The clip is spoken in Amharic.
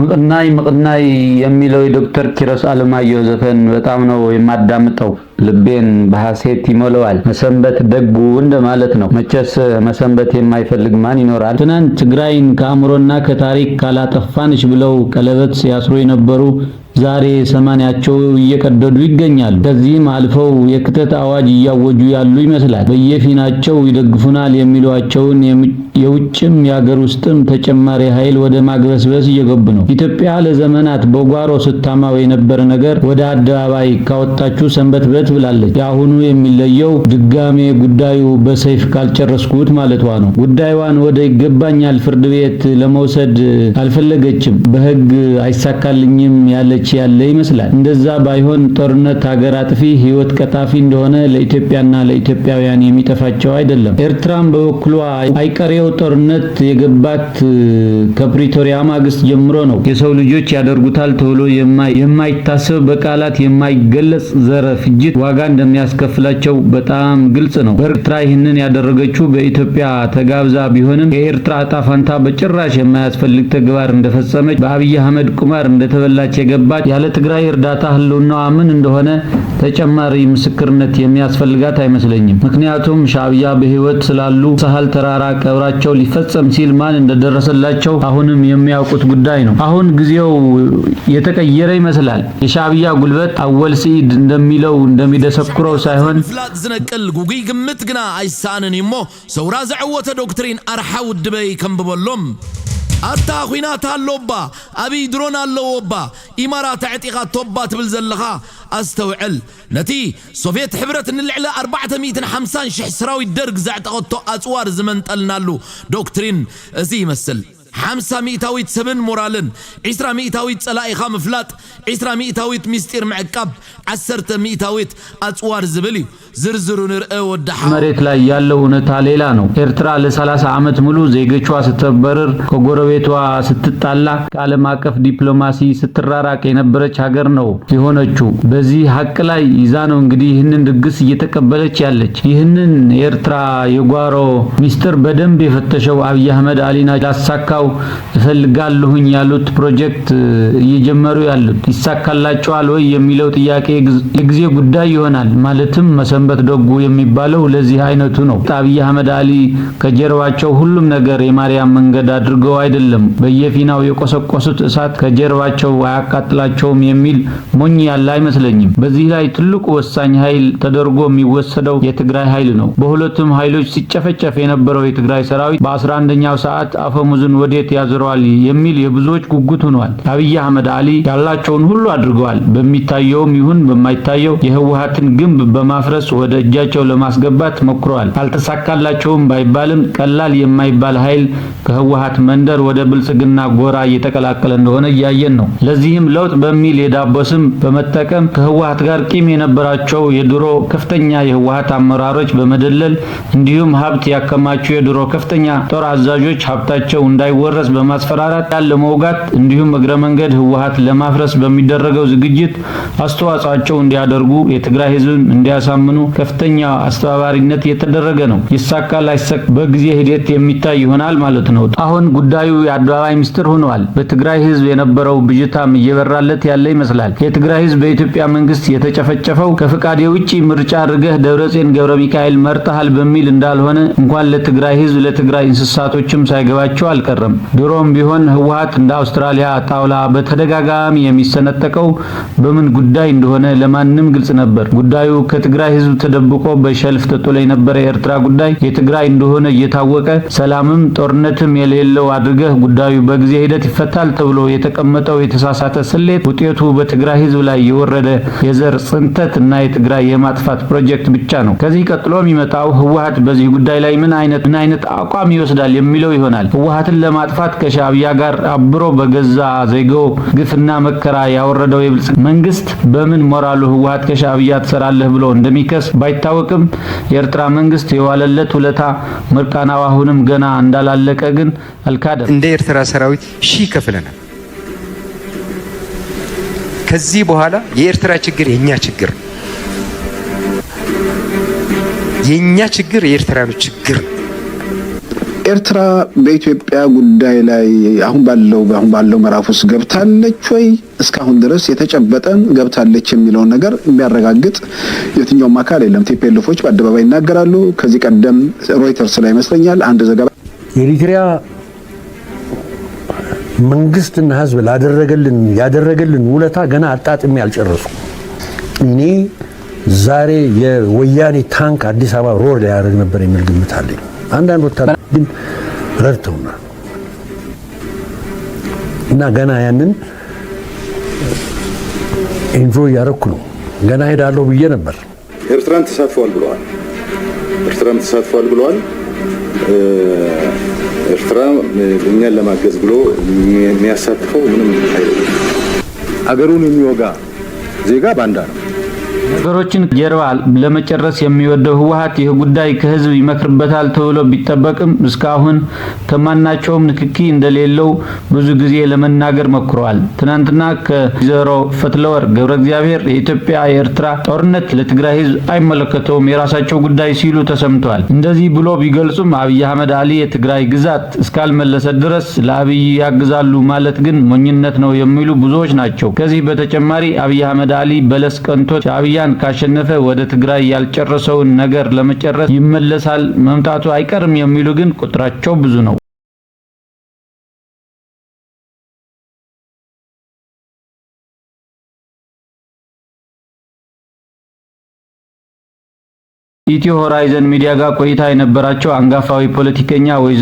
ምቅናይ ምቅናይ የሚለው የዶክተር ኪሮስ አለማየሁ ዘፈን በጣም ነው የማዳምጠው። ልቤን በሐሴት ይሞለዋል። መሰንበት ደጉ ማለት ነው። መቼስ መሰንበት የማይፈልግ ማን ይኖራል? ትናንት ትግራይን ከአእምሮና ከታሪክ ካላጠፋንሽ ብለው ቀለበት ሲያስሩ የነበሩ ዛሬ ሰማንያቸው እየቀደዱ ይገኛሉ። ከዚህም አልፈው የክተት አዋጅ እያወጁ ያሉ ይመስላል። በየፊናቸው ይደግፉናል የሚሏቸውን የውጭም የአገር ውስጥም ተጨማሪ ኃይል ወደ ማግበስበስ እየገቡ ነው። ኢትዮጵያ ለዘመናት በጓሮ ስታማው የነበረ ነገር ወደ አደባባይ ካወጣችሁ በት ብላለች። የአሁኑ የሚለየው ድጋሜ ጉዳዩ በሰይፍ ካልጨረስኩት ማለቷ ነው። ጉዳዩዋን ወደ ይገባኛል ፍርድ ቤት ለመውሰድ አልፈለገችም። በህግ አይሳካልኝም ያለች እየተራመደች ያለ ይመስላል። እንደዛ ባይሆን ጦርነት ሀገር አጥፊ ህይወት ቀጣፊ እንደሆነ ለኢትዮጵያና ለኢትዮጵያውያን የሚጠፋቸው አይደለም። ኤርትራም በበኩሏ አይቀሬው ጦርነት የገባት ከፕሪቶሪያ ማግስት ጀምሮ ነው። የሰው ልጆች ያደርጉታል ተብሎ የማይታሰብ በቃላት የማይገለጽ ዘረ ፍጅት ዋጋ እንደሚያስከፍላቸው በጣም ግልጽ ነው። በኤርትራ ይህንን ያደረገችው በኢትዮጵያ ተጋብዛ ቢሆንም የኤርትራ እጣ በጭራሽ የማያስፈልግ ተግባር እንደፈጸመች በአብይ አህመድ ቁማር እንደተበላች የገባ በተጨባጭ ያለ ትግራይ እርዳታ ህልውናዋ ምን እንደሆነ ተጨማሪ ምስክርነት የሚያስፈልጋት አይመስለኝም። ምክንያቱም ሻዕቢያ በህይወት ስላሉ ሳህል ተራራ ቀብራቸው ሊፈጸም ሲል ማን እንደደረሰላቸው አሁንም የሚያውቁት ጉዳይ ነው። አሁን ጊዜው የተቀየረ ይመስላል። የሻዕቢያ ጉልበት አወል ስኢድ እንደሚለው እንደሚደሰኩረው ሳይሆን ፍላጥ ዝነቅል ጉጉይ ግምት ግና አይሳንን ሞ ሰውራ ዘዕወተ ዶክትሪን አርሓ ውድበይ ከምብበሎም አታ ኺናት አሎባ አብይ ድሮን ኣለዎባ ኢማራ ተዕጢቓ ቶባ ትብል ዘለኻ ኣስተውዕል ነቲ ሶቪየት ሕብረት ንልዕሊ 450 ሽሕ ሰራዊት ደርግ ዘዕጠቐቶ ኣፅዋር ዝመንጠልናሉ ዶክትሪን እዚ ይመስል ሓምሳ ሚእታዊት ሰብን ሞራልን ዒስራ ሚእታዊት ጸላኢኻ ምፍላጥ ዒስራ ሚእታዊት ምስጢር ምዕቃብ ዓሰርተ ሚእታዊት ኣፅዋር ዝብል እዩ ዝርዝሩን ርእ ወዳሐ መሬት ላይ ያለው እውነታ ሌላ ነው። ኤርትራ ለ30 ዓመት ሙሉ ዜጎቿ ስትበረር ከጎረቤቷ ስትጣላ፣ ከዓለም አቀፍ ዲፕሎማሲ ስትራራቅ የነበረች ሀገር ነው የሆነችው። በዚህ ሀቅ ላይ ይዛ ነው እንግዲህ ይህንን ድግስ እየተቀበለች ያለች። ይህንን የኤርትራ የጓሮ ሚስጥር በደንብ የፈተሸው አብይ አህመድ አሊና ላሳካው እፈልጋለሁኝ ያሉት ፕሮጀክት እየጀመሩ ያሉት ይሳካላቸዋል ወይ የሚለው ጥያቄ የጊዜ ጉዳይ ይሆናል። ማለትም መሰመ ሰንበት ደጉ የሚባለው ለዚህ አይነቱ ነው። አብይ አህመድ አሊ ከጀርባቸው ሁሉም ነገር የማርያም መንገድ አድርገው አይደለም በየፊናው የቆሰቆሱት እሳት ከጀርባቸው አያቃጥላቸውም የሚል ሞኝ ያለ አይመስለኝም። በዚህ ላይ ትልቁ ወሳኝ ኃይል ተደርጎ የሚወሰደው የትግራይ ኃይል ነው። በሁለቱም ኃይሎች ሲጨፈጨፍ የነበረው የትግራይ ሰራዊት በ11ኛው ሰዓት አፈሙዝን ወዴት ያዝረዋል የሚል የብዙዎች ጉጉት ሆኗል። አብይ አህመድ አሊ ያላቸውን ሁሉ አድርገዋል። በሚታየውም ይሁን በማይታየው የህወሀትን ግንብ በማፍረስ ወደ እጃቸው ለማስገባት ሞክረዋል። አልተሳካላቸውም ባይባልም ቀላል የማይባል ኃይል ከህወሀት መንደር ወደ ብልጽግና ጎራ እየተቀላቀለ እንደሆነ እያየን ነው። ለዚህም ለውጥ በሚል የዳቦ ስም በመጠቀም ከህወሀት ጋር ቂም የነበራቸው የድሮ ከፍተኛ የህወሀት አመራሮች በመደለል እንዲሁም ሀብት ያከማቸው የድሮ ከፍተኛ ጦር አዛዦች ሀብታቸው እንዳይወረስ በማስፈራራት ያለ መውጋት እንዲሁም እግረ መንገድ ህወሀት ለማፍረስ በሚደረገው ዝግጅት አስተዋጽቸው እንዲያደርጉ የትግራይ ህዝብን እንዲያሳምኑ እንዲሆኑ ከፍተኛ አስተባባሪነት የተደረገ ነው። ይሳካ ላይሳካ በጊዜ ሂደት የሚታይ ይሆናል ማለት ነው። አሁን ጉዳዩ የአደባባይ ምስጢር ሆኗል። በትግራይ ህዝብ የነበረው ብዥታም እየበራለት ያለ ይመስላል። የትግራይ ህዝብ በኢትዮጵያ መንግስት የተጨፈጨፈው ከፍቃድ ውጪ ምርጫ አድርገህ ደብረጽዮን ገብረ ሚካኤል መርጠሃል በሚል እንዳልሆነ እንኳን ለትግራይ ህዝብ ለትግራይ እንስሳቶችም ሳይገባቸው አልቀረም። ድሮም ቢሆን ህወሀት እንደ አውስትራሊያ ጣውላ በተደጋጋሚ የሚሰነጠቀው በምን ጉዳይ እንደሆነ ለማንም ግልጽ ነበር። ጉዳዩ ከትግራይ ህዝብ ህዝብ ተደብቆ በሸልፍ ተጥሎ የነበረ የኤርትራ ጉዳይ የትግራይ እንደሆነ እየታወቀ ሰላምም ጦርነትም የሌለው አድርገህ ጉዳዩ በጊዜ ሂደት ይፈታል ተብሎ የተቀመጠው የተሳሳተ ስሌት ውጤቱ በትግራይ ህዝብ ላይ የወረደ የዘር ጽንተት እና የትግራይ የማጥፋት ፕሮጀክት ብቻ ነው። ከዚህ ቀጥሎ የሚመጣው ህወሀት በዚህ ጉዳይ ላይ ምን አይነት ምን አይነት አቋም ይወስዳል የሚለው ይሆናል። ህወሀትን ለማጥፋት ከሻዕቢያ ጋር አብሮ በገዛ ዜጋው ግፍና መከራ ያወረደው የብልጽግና መንግስት በምን ሞራሉ ህወሀት ከሻዕቢያ ትሰራለህ ብሎ እንደሚከ እንደሚከስ ባይታወቅም የኤርትራ መንግስት የዋለለት ውለታ ምርቃናው አሁንም ገና እንዳላለቀ ግን አልካደም። እንደ ኤርትራ ሰራዊት ሺህ ከፍለናል። ከዚህ በኋላ የኤርትራ ችግር የኛ ችግር፣ የኛ ችግር የኤርትራኖች ችግር ኤርትራ በኢትዮጵያ ጉዳይ ላይ አሁን ባለው አሁን ባለው ምዕራፍ ውስጥ ገብታለች ወይ እስካሁን ድረስ የተጨበጠን ገብታለች የሚለውን ነገር የሚያረጋግጥ የትኛውም አካል የለም። ቲፒኤልኤፎች በአደባባይ ይናገራሉ። ከዚህ ቀደም ሮይተርስ ላይ ይመስለኛል አንድ ዘገባ የኤሪትሪያ መንግስትና ህዝብ ላደረገልን ያደረገልን ውለታ ገና አጣጥሜ አልጨረሱ እኔ ዛሬ የወያኔ ታንክ አዲስ አበባ ሮር ሊያደርግ ነበር የሚል ግምት አለኝ። አንዳንድ ወታደ ግን ረድተውናል እና ገና ያንን ኢንጆይ እያደረኩ ነው። ገና ሄዳለሁ ብዬ ነበር። ኤርትራን ተሳትፏል ብለዋል። ኤርትራም ተሳትፏል ብለዋል። ኤርትራ እኛን ለማገዝ ብሎ የሚያሳትፈው ምንም አይደለም። አገሩን የሚወጋ ዜጋ ባንዳ ነው። ነገሮችን ጀርባ ለመጨረስ የሚወደው ህወሓት ይህ ጉዳይ ከህዝብ ይመክርበታል ተብሎ ቢጠበቅም እስካሁን ከማናቸውም ንክኪ እንደሌለው ብዙ ጊዜ ለመናገር ሞክረዋል። ትናንትና ከወይዘሮ ፈትለወርቅ ገብረ እግዚአብሔር የኢትዮጵያ የኤርትራ ጦርነት ለትግራይ ህዝብ አይመለከተውም የራሳቸው ጉዳይ ሲሉ ተሰምቷል። እንደዚህ ብሎ ቢገልጹም አብይ አህመድ አሊ የትግራይ ግዛት እስካልመለሰ ድረስ ለአብይ ያግዛሉ ማለት ግን ሞኝነት ነው የሚሉ ብዙዎች ናቸው። ከዚህ በተጨማሪ አብይ አህመድ አሊ በለስ ቀንቶች አብይ ወያኔ ካሸነፈ ወደ ትግራይ ያልጨረሰውን ነገር ለመጨረስ ይመለሳል መምጣቱ አይቀርም የሚሉ ግን ቁጥራቸው ብዙ ነው። ኢትዮ ሆራይዘን ሚዲያ ጋር ቆይታ የነበራቸው አንጋፋዊ ፖለቲከኛ ወይ።